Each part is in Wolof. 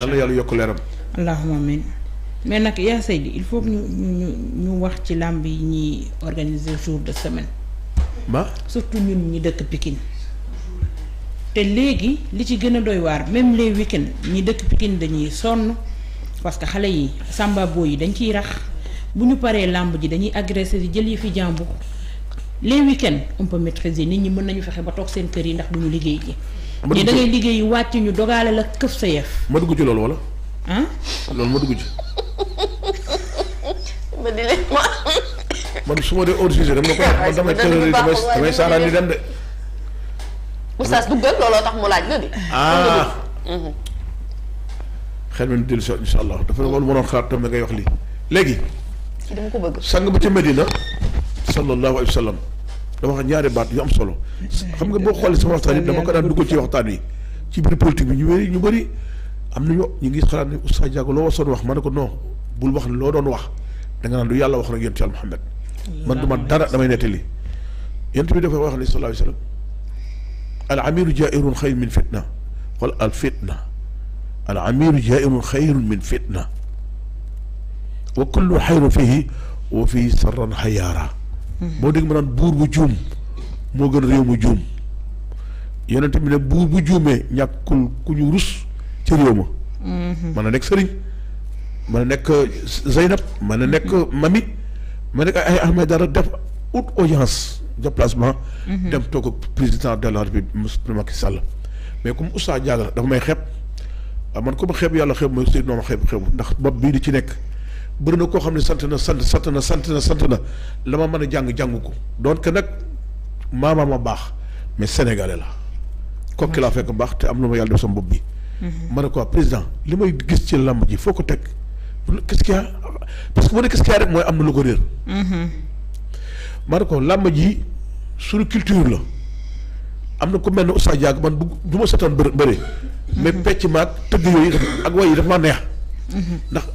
yàlla yàlla yokk leeram. allahumma amiin mais nag yaa Seydi il faut ñu ñu ñu wax ci làmb yi ñuy organiser jour de semaine. ma surtout ñun ñi dëkk pikin te léegi li ci gën a doy waar même les week-end ñi dëkk pikin dañuy sonn parce que xale yi samba yi dañ ciy rax bu ñu paree làmb ji dañuy agressé di jël yi fi jàmbu les week-end on peut nit ñi mën nañu fexe ba toog seen kër yi ndax du ñu liggéey ji. ma dugg ci liggéey wàcc ñu dogaale la këf sa yef ma dugg ci loolu wala. loolu ma dugg ci. ma di leen ma. man su ma dee hors sujet dama ko man damay tëral damay damay saaraan di dem de. Oustaz duggal looloo tax mu laaj la di. ah. Mhm. xel mi dellu si waat incha allah dafa loolu mënoon xaar tam da ngay wax lii léegi. dama ko bëgg. sang ba ca Medina. sallallahu alayhi wa dama ñaari baat yu solo xam nga boo xoolee sama waxtaan yi dama ko daan duggal ci waxtaan wi ci biir politique bi ñu bëri ñu bëri am na ñu ngi xalaat ne Oustaz Diago loo wasoon wax ma ne ko non bul wax ne loo doon wax da nga naan yàlla wax rek yonent Yàlla Muhammad man du ma dara damay nettali yonent bi dafa wax ne sallallahu alayhi wa sallam al amiru jairun xayr min fitna wala al fitna al amiru jairun xayr min fitna wa kullu xayru fihi wa fii sarran xayaara boo dégg ma naan buur bu juum moo gën réew mu juum yonent bi ne buur bu juumee ñàkkul ku ñu rus ci réew ma mhm. mën na nekk sëriñ mën na nekk Zeynab mën na nekk Mami mën na nekk ay Ahmed Dara def ut audience déplacement mhm. dem toog président de la République Macky Sall mais comme Oustaz Diaga dafa may xeeb ah man ko ma xeeb yàlla xeeb mooy Seydou noonu xeeb xeeb ndax bopp bii di ci nekk bëri na koo xam ne sant na sant sant na sant na sant la ma mën a jàng jàng ko donc nag maama ma baax mais sénégalais la kokki laa fekk baax te am na ma yàlla def sama bopp bi mhm. ma ko président li may gis foo ko teg quest a a rek am ko réer mhm. ko làmb ji suñu culture la am na ku mel ne Oussa Diagne man bu du ma seetaan bë bëri mhm. mais pecc maag tëgg yooyu ak way yi dafa ma neex ndax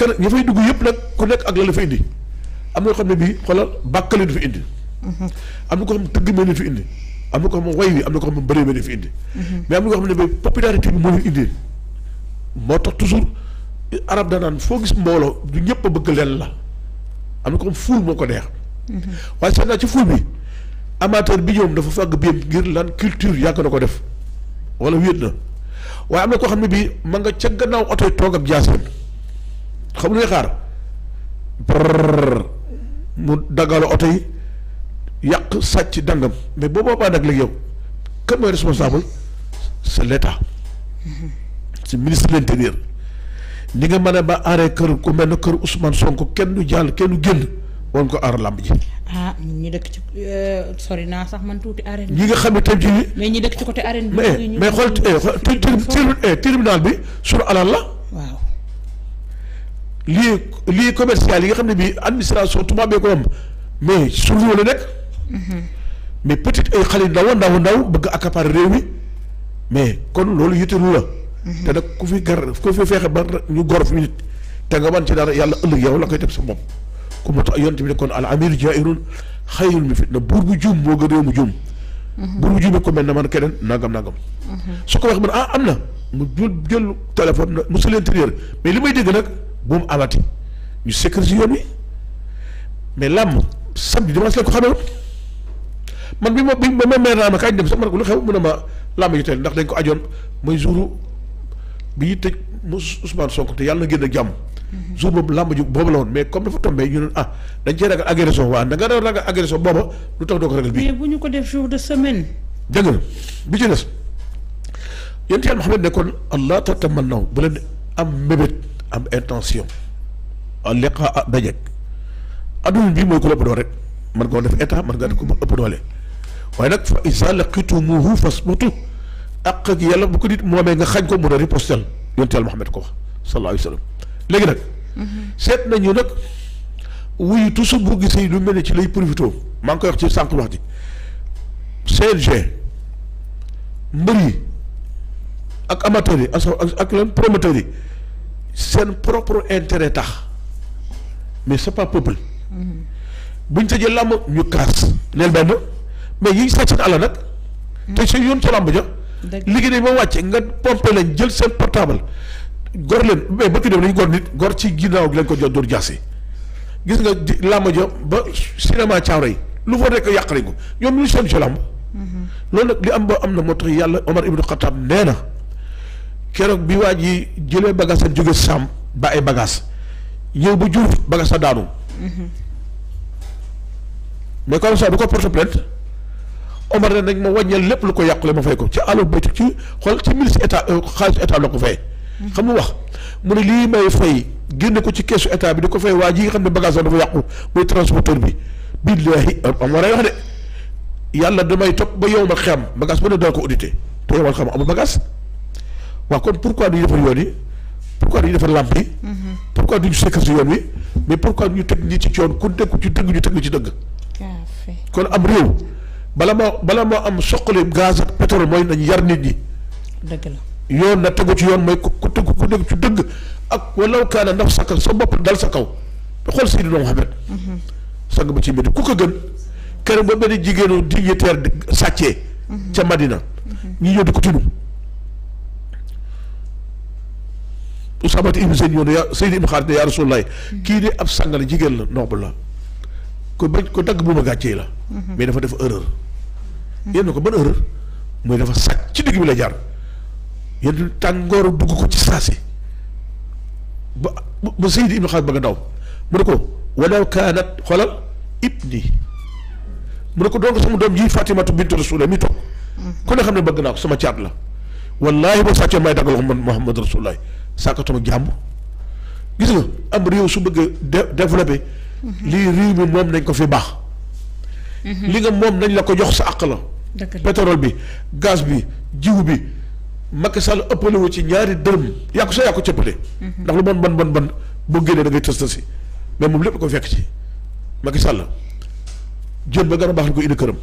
que nag ña fay dugg yëpp nag ku nekk ak la la fa indi am na yoo xam ne bii xoolal bàkkale indi. am na ko xam tëgg mel fi indi am na ko xam ne way am na ko xam ne bëree mel ni mais am xam ne bii popularité bi moo fi indi moo tax toujours arab danaan foo gis mbooloo du ñëpp a bëgg leen la am na ko neex. waaye seet naa bi amateur bi ñoom dafa fàgg biyam ngir lan culture yàgg na ko def wala wéet na waaye koo xam ne bii ma nga ca gannaaw oto toog ak jaaseem. xam nga xaar mu daggalu oto yi yàq sàcc dangam mais boo boobaa nag léegi yow kan mooy responsable c'est l'état c'est ministre de l'intérieur ni nga mën a ba aaree kër ku mel ne kër Ousmane sonk kenn du jàll kenn du génn woon ko aar làmb ji. ah ñi dëkk ci euh, sori naa sax man tuuti arène ñi nga xam ne tam ci. mais ci côté arène bi. mais mais xool eh, tribunal eh, bi suñu alal la waaw. lieu lii commercial yi nga xam ne bii administration tubaab bee ko am mais survie la nekk mais peut-être ay xale ndaw ndaw ndaw bëgg accaparer réew mi mais kon loolu yitteelu la te nag ku fi gar ku fi ba ñu gor te nga man ci dara yàlla ëllëg yow la koy teg sa bopp ku mu tax yonte bi ne kon buur bu juum moo gën réew mu juum buur bu juumee na man keneen nangam su ko wax man ah am na mu jël téléphone na mu l'intérieur mais li may dégg nag boobu amati ñu sécuriser yoon wi mais làmb samedi dimanche la ko xamee man bi ma bi ma meer naa ma kaay dem sax ma ne ko lu xew mu ne ma làmb yi teel ndax dañ ko ajoon mooy jour bi ñuy tëj mu Ousmane Sonko te yàlla na génn jàmm. jour boobu làmb ji boobu la woon mais comme dafa tombé ñu ne ah dañ cee ragal agression waa da nga ragal agression booba lu tax doo ko ragal bii. mais bu ñu ko def jour de semaine. dégg nga bi ci des yéen itam xam ne kon allah taataman naaw am intention léqa a dajeeg adduna bi mooy ku la ëpp doole rek man koo def état man ngaa def ko ëpp doole waaye nag fa isa laqitumuhu fasbutu ak ak yàlla bu ko nit moomee nga xañ ko mu a ripostel yonte yàlla Muhammad ko wax sallallahu alayhi léegi nag seet nañu nag wuyu toujours lu mel ne ci lay profité maa ngi koy wax ci sànq wax ji mbër yi ak amateurs yi ak ak lan yi seen propre intérêt tax mais c'est pas peuple buñ tëjee làmb ñu kaas neel benn mais yi sàcc àll nag te si yoon ci làmb ja liggéey nañ ba wàcce nga pompé lañ jël seen portable gor leen mais ba ki dem nañ gor nit gor ci ginnaaw gi lañ ko jot dóor jaasi gis nga di làmb ja ba cinéma caaro yi lu fa nekk yàq nañ ko ñoom ñu seen ci làmb mm-hmm. loolu nag li am ba am na moo tax yàlla Omar Ibn Khattab nee na keroog bi waa ji jëlee bagage ak jóge sàmm ba ay bagage yow bu jur bagage a daanu mais comme ça bu ko porte plainte Omar ne nañ ma wàññeel lépp lu ko yàqule ma fay ko ci àllu ba ci xool ci mil euh, ko fay xam nga wax mu ne lii may fay génn ci keesu état bi di ko fay waa ji nga xam ne bagage dafa yàqu muy transporteur bi billaahi am war a wax de yàlla damay topp ba yow ma xam bagage ba ne dana ko audité te yow ma xam amul waaw kon pourquoi duñu defar yoon yi pourquoi duñu defar làmp yi mhm. pourquoi duñu sekkal si yoon pourquoi duñu teg ñi ci coon ku nekk ci dëgg ñu teg ñu ci dëgg kon am bala moo bala moo am soqali gaz ak pétrole nañ yar nit ñi dëgg la yoon na tegu ci yoon mooy ku tëgg ku nekk ci dëgg ak walaw kaana naf sa kaw sa bopp dal sa kaw te xool Seydina Muhammad mhm. sang ba ci métti ku ko gën kenn ba benn jigéenu dignitaire sàccee mhm. ca Madina ñi ñëw di ko tinu Usama ibn Zayd ñëw ne yaa Zayd ibn Xaalid ne yaa Rasulullaah kii de ab sàng jigéen la noble la ko bañ ko dagg buuma gàccee la. Mhm. mais dafa def erreur. yéen ko ban erreur mooy dafa sàcc ci digg bi la jar yéen tàngooru dugg ko ci saasi ba ba Zayd ibn Xaalid ba nga mu ne ko walaw kaanat xoolal ibni mu ne ko doon ko sama doom ji Fatimatu bintu Rasulillah mi toog. Mhm. ku ne xam ne bëgg naa ko sama caat la. wallaahi boo sàccoon may daggal Muhammad Rasulillah sàkkatum ak jàmm gis nga am réew su bëgg a développé mhm. lii réew mi moom nañ ko fi baax mhm. li nga moom nañ la ko jox sa àq la pétrole bi gaz bi jiw bi Macky Sall ëppale wu ci ñaari dërëm yaa ko sa yaa ko cëppale mhm. ndax lu bon bon bon bon boo génnee da ngay tës tësi mais moom lépp ko fekk ci Macky Sall jën ba gën a baax la ko indi këram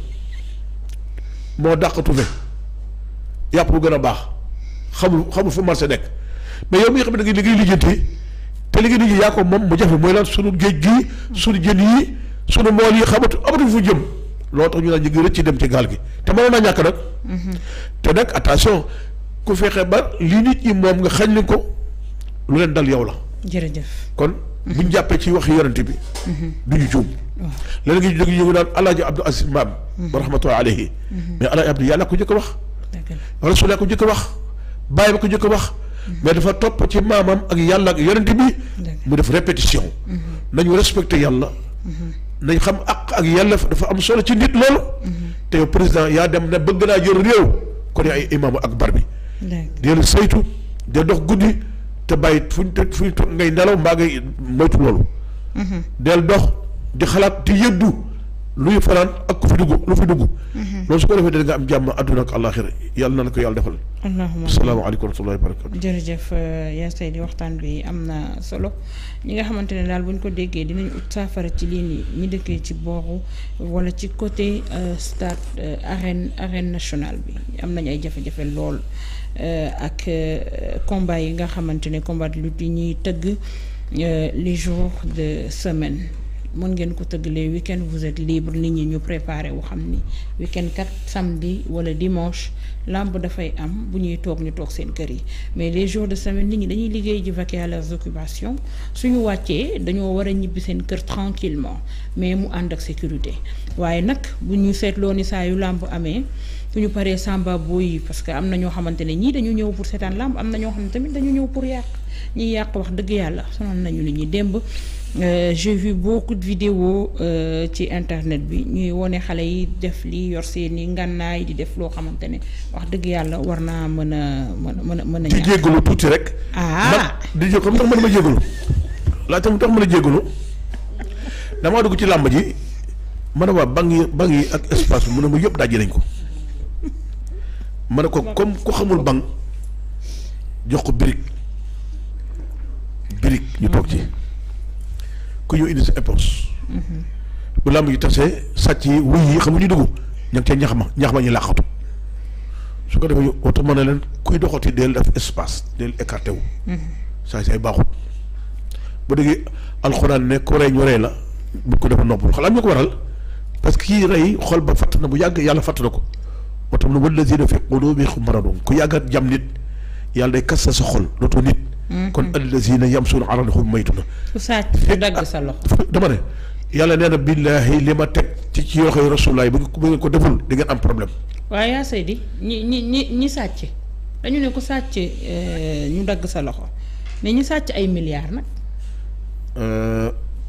moo dàqatu fe yàpp bu gën a baax xamul xamul fu marché nekk mais yow mi nga xam ne da ngay da ngay lijjante te li nga nit ñi yaa ko moom mu jafe mooy lan sunu géej gi sunu jën yi sunu mool yi xamatu amatu fu jëm loo tax ñu naan ñu ngi rëcc ci dem ci gaal gi te mënoon naa ñàkk nag. Mhm. te nag ku fexe ba li nit ñi moom nga xañ leen ko lu leen dal yow la. jërëjëf kon. bu ñu mhm. jàppee ci wax yonent bi. Mhm. du ñu juum. waaw léegi ñu jóg ñu naan alaaji Abdou Aziz Maam. wa rahmatullahi alayhi. mais alaaji Abdou yàlla ko njëkk wax. dëgg la rasul ko a wax bàyyi ba ko njëkk a wax. mais dafa topp ci maamam ak yàlla ak yonent bi mu def répétition mm-hmm. nañu respecté yàlla mm-hmm. nañ xam ak ak yàlla dafa am solo ci nit loolu mm-hmm. te yow président yaa dem ne bëgg naa jël réew kon ay imaamu akbar bi deel saytu deel dox guddi te bàyyi fu ñu fu ñu toog ngay nelaw mbaa ngay moytu loolu deel dox di xalaat di yëddu luy fanaan ak ku fi dugg lu fi dugg loolu su ko defee da nga am jàmm àdduna ak àllaaxira yàlla na la ko yàlla defal allahumma salaamaaleykum wa rahmatullahi wa barakatu jërëjëf euh, yaa say di waxtaan bi am na solo ñi nga xamante ne daal buñ ko déggee dinañ ut saafara ci lii nii ñi dëkkee ci booru wala ci côté euh, stade euh, arène arène nationale bi am nañ ay jafe-jafe lool ak combat yi nga xamante ne combat lutte yi ñuy tëgg les jours de semaine. mën ngeen ko tëgg les week-end vous êtes libre nit ñi ñu préparé wu xam ni week-end kat samedi wala dimanche làmb dafay am bu ñuy toog ñu toog seen kër yi mais les jours de semaine nit ñi dañuy liggéey ji vaquer à suñu wàccee dañoo war a ñibbi seen kër tranquillement mais mu ànd ak sécurité waaye nag bu ñu seetloo ni saa yu làmb amee suñu paree samba booy parce que am na ñoo xamante ne ñii dañu ñëw pour seetaan làmb am na ñoo xam ne tamit dañu ñëw pour yàq ñiy yàq wax dëgg yàlla sonal nañu li ñuy démb Euh, j'ai vu beaucoup de vidéos euh, ci internet bi ñuy wone xale yi def li yor seeni ngànnaay di def loo xamante ne wax dëgg yàlla war naa mën a mën a mën a. di jégalu tuuti rek. ah di jégalu tax mën ma jégalu laajte mu mën a jégalu damaa dugg ci làmb ji ma ne waa bank yi bank yi ak espace bi mu ne ma yëpp dajji nañ ko mën a ko comme ku xamul bank jox ko birig birig ñu toog ci. ku ñëw indi sa impoos bu làmb ji tasee sàcc yi wuy yi xamuñu dugg ña ngi ca ñax ma ñax ma ñu làqatu su ko defee ñu oto mën na leen kuy doxati del def espace del écarté wu saay saay baaxut bu déggee alxuraan ne ku rey ñu rey la bu ko defa noppul xalaat ñu ko waral parce que kii rey xol ba fatt na bu yàgg yàlla fatt na ko moo tax mu ne wallazina fi qulubihim maradun ku yàggat jam nit yàlla day kasta sa xol dootoo nit. Mm-hmm. kon allazina yamsuuna ala lahum maytuna. ku sàcc ku dagg sa loxo. dama ne yàlla nee na billaahi li ma teg ci ci yoo xam rasulaay bu ngeen ko deful di am problème. waaye yaa Seydi ñi ñi ñi ñi sàcc dañu ne ku sàcc eh, ñu dagg sa loxo mais ñu sàcc ay milliards nag.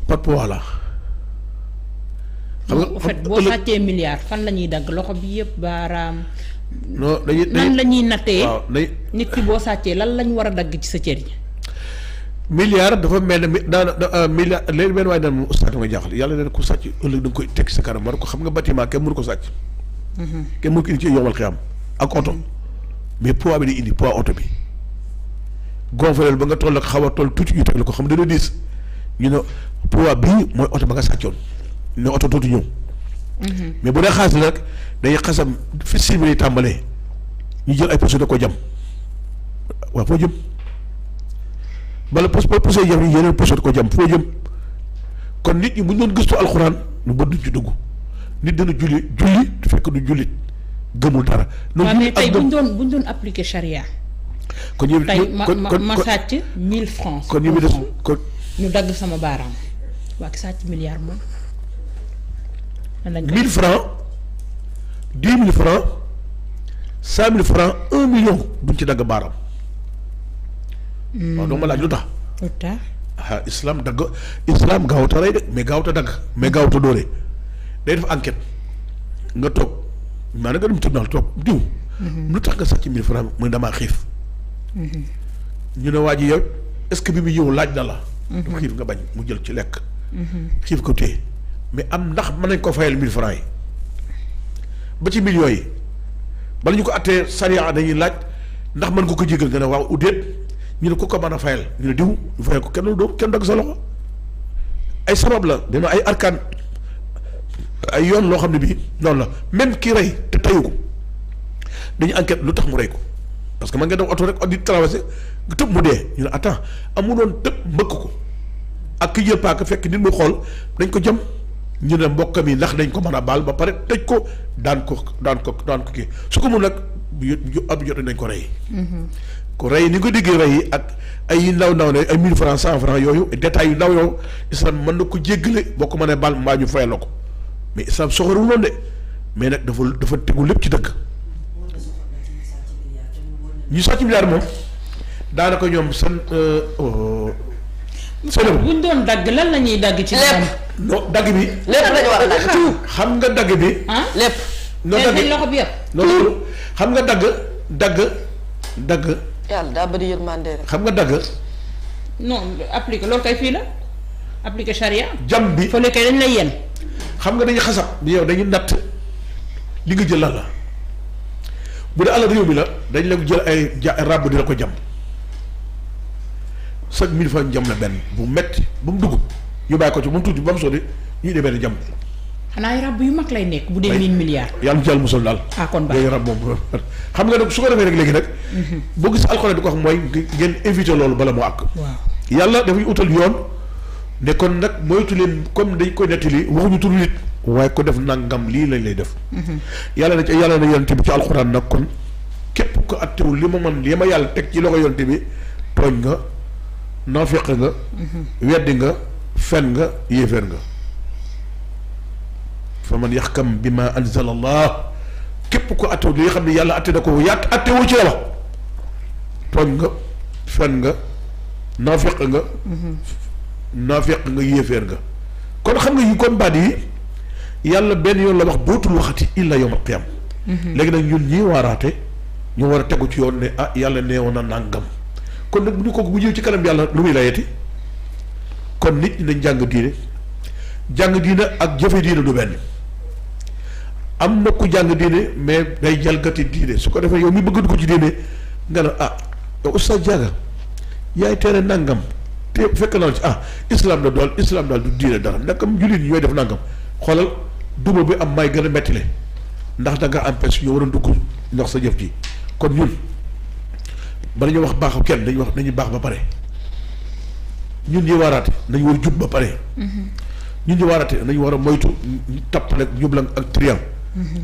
par poids la. xam nga en fait boo sàccee milliards fan la ñuy dagg loxo bi yëpp baaraam. non dañuy nan la ñuy nattee nit ki boo sàccee lan lañ war a dagg ci sa cër yi. milliard dafa mel ne daana euh, milliard léegi benn waaye daan moom ustaat nga jaaxal yàlla nee na ku sàcc ëllëg da nga koy teg sa kanam war ko xam nga bâtiment kenn mënu ko sàcc. Mm-hmm. kenn mënu ko indi ci yombal xiyam ak oto. Mm-hmm. mais poids bi day indi poids oto bi. gonfaleel ba nga toll ak xaw a toll tuuti ñu teg la ko xam dana diis ñu ne poids bii mooy oto ba nga sàccoon ne oto dootu ñëw. Mhm. mais bu dee xaalis nag dañuy xasam fi si tàmbalee ñu jël ay pousse da ko jam waa foo jëm bala pousse pousse yi jam ñu yeneen pousse ko jam foo jëm kon nit ñi bu ñu doon gëstu alxuraan ñu bëgg ci dugg nit dana julli julli du fekk du jullit gëmul dara. loolu ma tey bu ñu doon bu ñu doon appliquer charia. kon ñu kon kon ma sàcc 1000 francs. kon ñu des kon. ñu dagg sama baaraam waa ki sàcc milliard moom. 1000 francs 10 000 francs 100 000 francs 1 million buñ ci dagg baaram. Hmm. waaw dama laaj lu tax. lu tax ah islam dagg islam gaawta rey de mais gaawta dagg mais gaawta dóore day def enquête nga toog maanaam nga dem tribunal toog diw. Hmm. lu tax nga sàcc 1000 francs mu ne damaa xiif. Hmm. ñu ne waa ji yow est-ce que bi mu ñëw laaj na la. dafa xiif nga bañ mu jël ci lekk. xiif ko téye. mais am ndax mën nañ ko fayal mille francs yi ba ci millions yi bala ñu ko attee sariya dañuy laaj ndax mën ko ko jégal nga ne waaw udéet ñu ne ko ko mën a fayal ñu ne diw ñu fayal ko kenn doo kenn dagg sa loxo ay sabab la dina ay arkaan ay yoon loo xam ne bii noonu la même kii rey te tayu ko dañu enquête lu tax mu rey ko parce que man nga dem oto rek di traversé tëb mu dee ñu ne attends amuloon tëb mbëkk ko ak ki jël paaka fekk nit mu xool dañ ko jëm ñu ne mbokkam yi ndax dañ ko mën a baal ba pare tëj ko daan ko daan ko daan ko su ko mun nag ab jote ko rey. Mhm. ko rey ni ko déggee rey ak ay ndaw ndaw ne ay mille francs cent francs yooyu détails yu ndaw yow islam mën na ko jéggale boo ko mënee baal mbaa ñu fayal la ko mais islam soxorul noonu de mais nag dafa dafa tegu lépp ci dëgg. ñu sàcc milliard moom daanaka ñoom seen. Euh, oh, soriwul bu ñu doon dagg lan la ñuy dagg. ci lépp non dagg bi. lépp la ñu war a xam nga dagg bi. Ah? lépp. noo dagg bi xam nga dagg dagg dagg. daa bëri yërmande rek. xam nga dagg. non appliqué loolu kay fii la appliqué charia. jam bi fële kay dañ lay yen xam nga dañuy xasab yow dañuy natt li nga jël lan la bu dee alal réew mi la dañ la jël ay ja ràbb di ko jam chaque mille francs jam la benn bu metti ba mu dugub ñu bàyyi ko ci ba mu tuuti ba mu sori ñu demee di jam. xanaa ay yu mag lay nekk bu dee mille milliards. yàlla ci yàlla musal daal. ah kon baax rab su ko defee rek léegi nag. Mhm. boo gis alxuraan di ko wax mooy ngeen éviter loolu bala moo àkk. waaw yàlla dafay utal yoon. ne kon nag moytu leen comme dañ koy nettali lii lañ lay def. Mhm. na ci yàlla na yonte bi ci alxuraan nag kon képp ko attewul li ma mën li ma yàlla teg ci loxo yonte bi tooñ nga. naafiq nga weddi nga fen nga yéeféer nga fa man kam bi ma anzala allah képp ko attew li xam ne yàlla atte na ko yàq attewu ci la wax tooñ nga fen nga naafiq nga naafiq nga yéeféer nga kon xam nga yi kon baat yi yàlla benn yoon la wax dootul waxati illa yawm al mhm. léegi nag ñun ñii waaraate ñu war a tegu ci yoon ne ah yàlla neewoon na nàngam kon nag bu ñu ko bu ñëw ci kanam yàlla lu muy layati kon nit ñi nañ jàng diine jàng diine ak jëfe diine du benn am na ku jàng diine mais day jalgati diine su ko defee yow mi bëgg dugg ci diine nga ne ah yow oustaz Diaga yaay tere nangam te fekk naa ci ah islam la dool islam daal du diine dara nakam jullit ñi ñooy def nangam xoolal duma bi am may gën a mettile ndax da nga empêche ñoo war a dugg ndax sa jëf ji kon ñun. bala ñu wax baaxu kenn dañuy wax nañu baax ba pare ñun ñi waaraate nañu war jub ba pare. ñun ñi waaraate nañu war a moytu tappale ñublan ak triam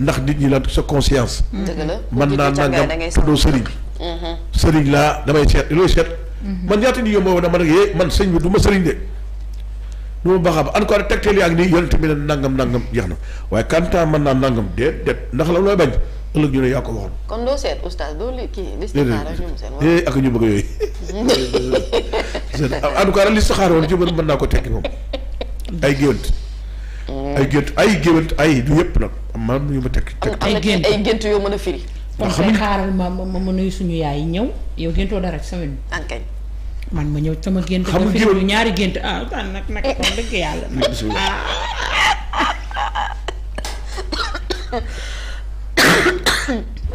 ndax nit ñi la sa conscience. dëgg la man naa nangam doo sëriñ bi. Mhm. laa damay seet looy seet. Mhm. man ñaata nit yow moo dama ne eh man sëñ du ma sëriñ de. du ma baax a ba en tout cas tegteel yaa ngi nii yonent bi ne nangam nangam jeex na waaye kantaa man naa nangam déet déet ndax la looy bañ. ëllëg ñu ne yaa ko waxoon. kon doo seet oustaz doo li kii listixaar eh, ak ñu bëgg yooyu. en tout cas listixaar woon ci mën naa ko tekki moom ay gént. Mm. ay gént ay gént ay du yëpp nag maanaam yu ma tekki. ay gént ay gént yoo mën a firi. kon kay xaaral ma ma ma suñu yaay yi ñëw yow géntoo dara ci semaine ah, man ma ñëw sama gént. xam nga gént ñaari gént ah daan nag nag wax dëgg yàlla.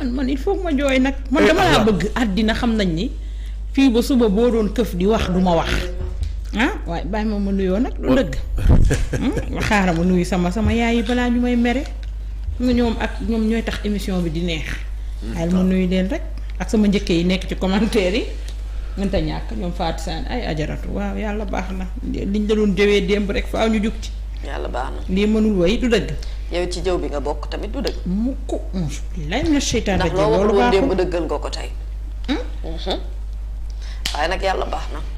man man il faut ma jooy nag. man dama laa eh, bëgg àddina xam nañ ni fii ba suba boo doon këf di wax du ma wax. ah waaye bàyyi ma ma nuyoo nag lu dëgg. Hmm? xaaral ma nuyu sama sama yaay yi balaa ñu may mere. ñoom ak ñoom ñooy tax émission bi di neex. xaaral ma nuyu leen rek ak sama njëkke yi nekk ci commentaire yi. mënta ñàkk ñoom Fatou Sane ay ajaratu waaw yàlla baax na liñ la doon jëwee démb rek faaw ñu jug ci. yàlla baax na li mënul woy du dëgg. yow ci jëw bi nga bokk tamit du dëgg. mukk lay na seytaan ndax loo waxul woon démb dëggal nga ko tey. Hmm? Mhm. waaye nag yàlla baax na.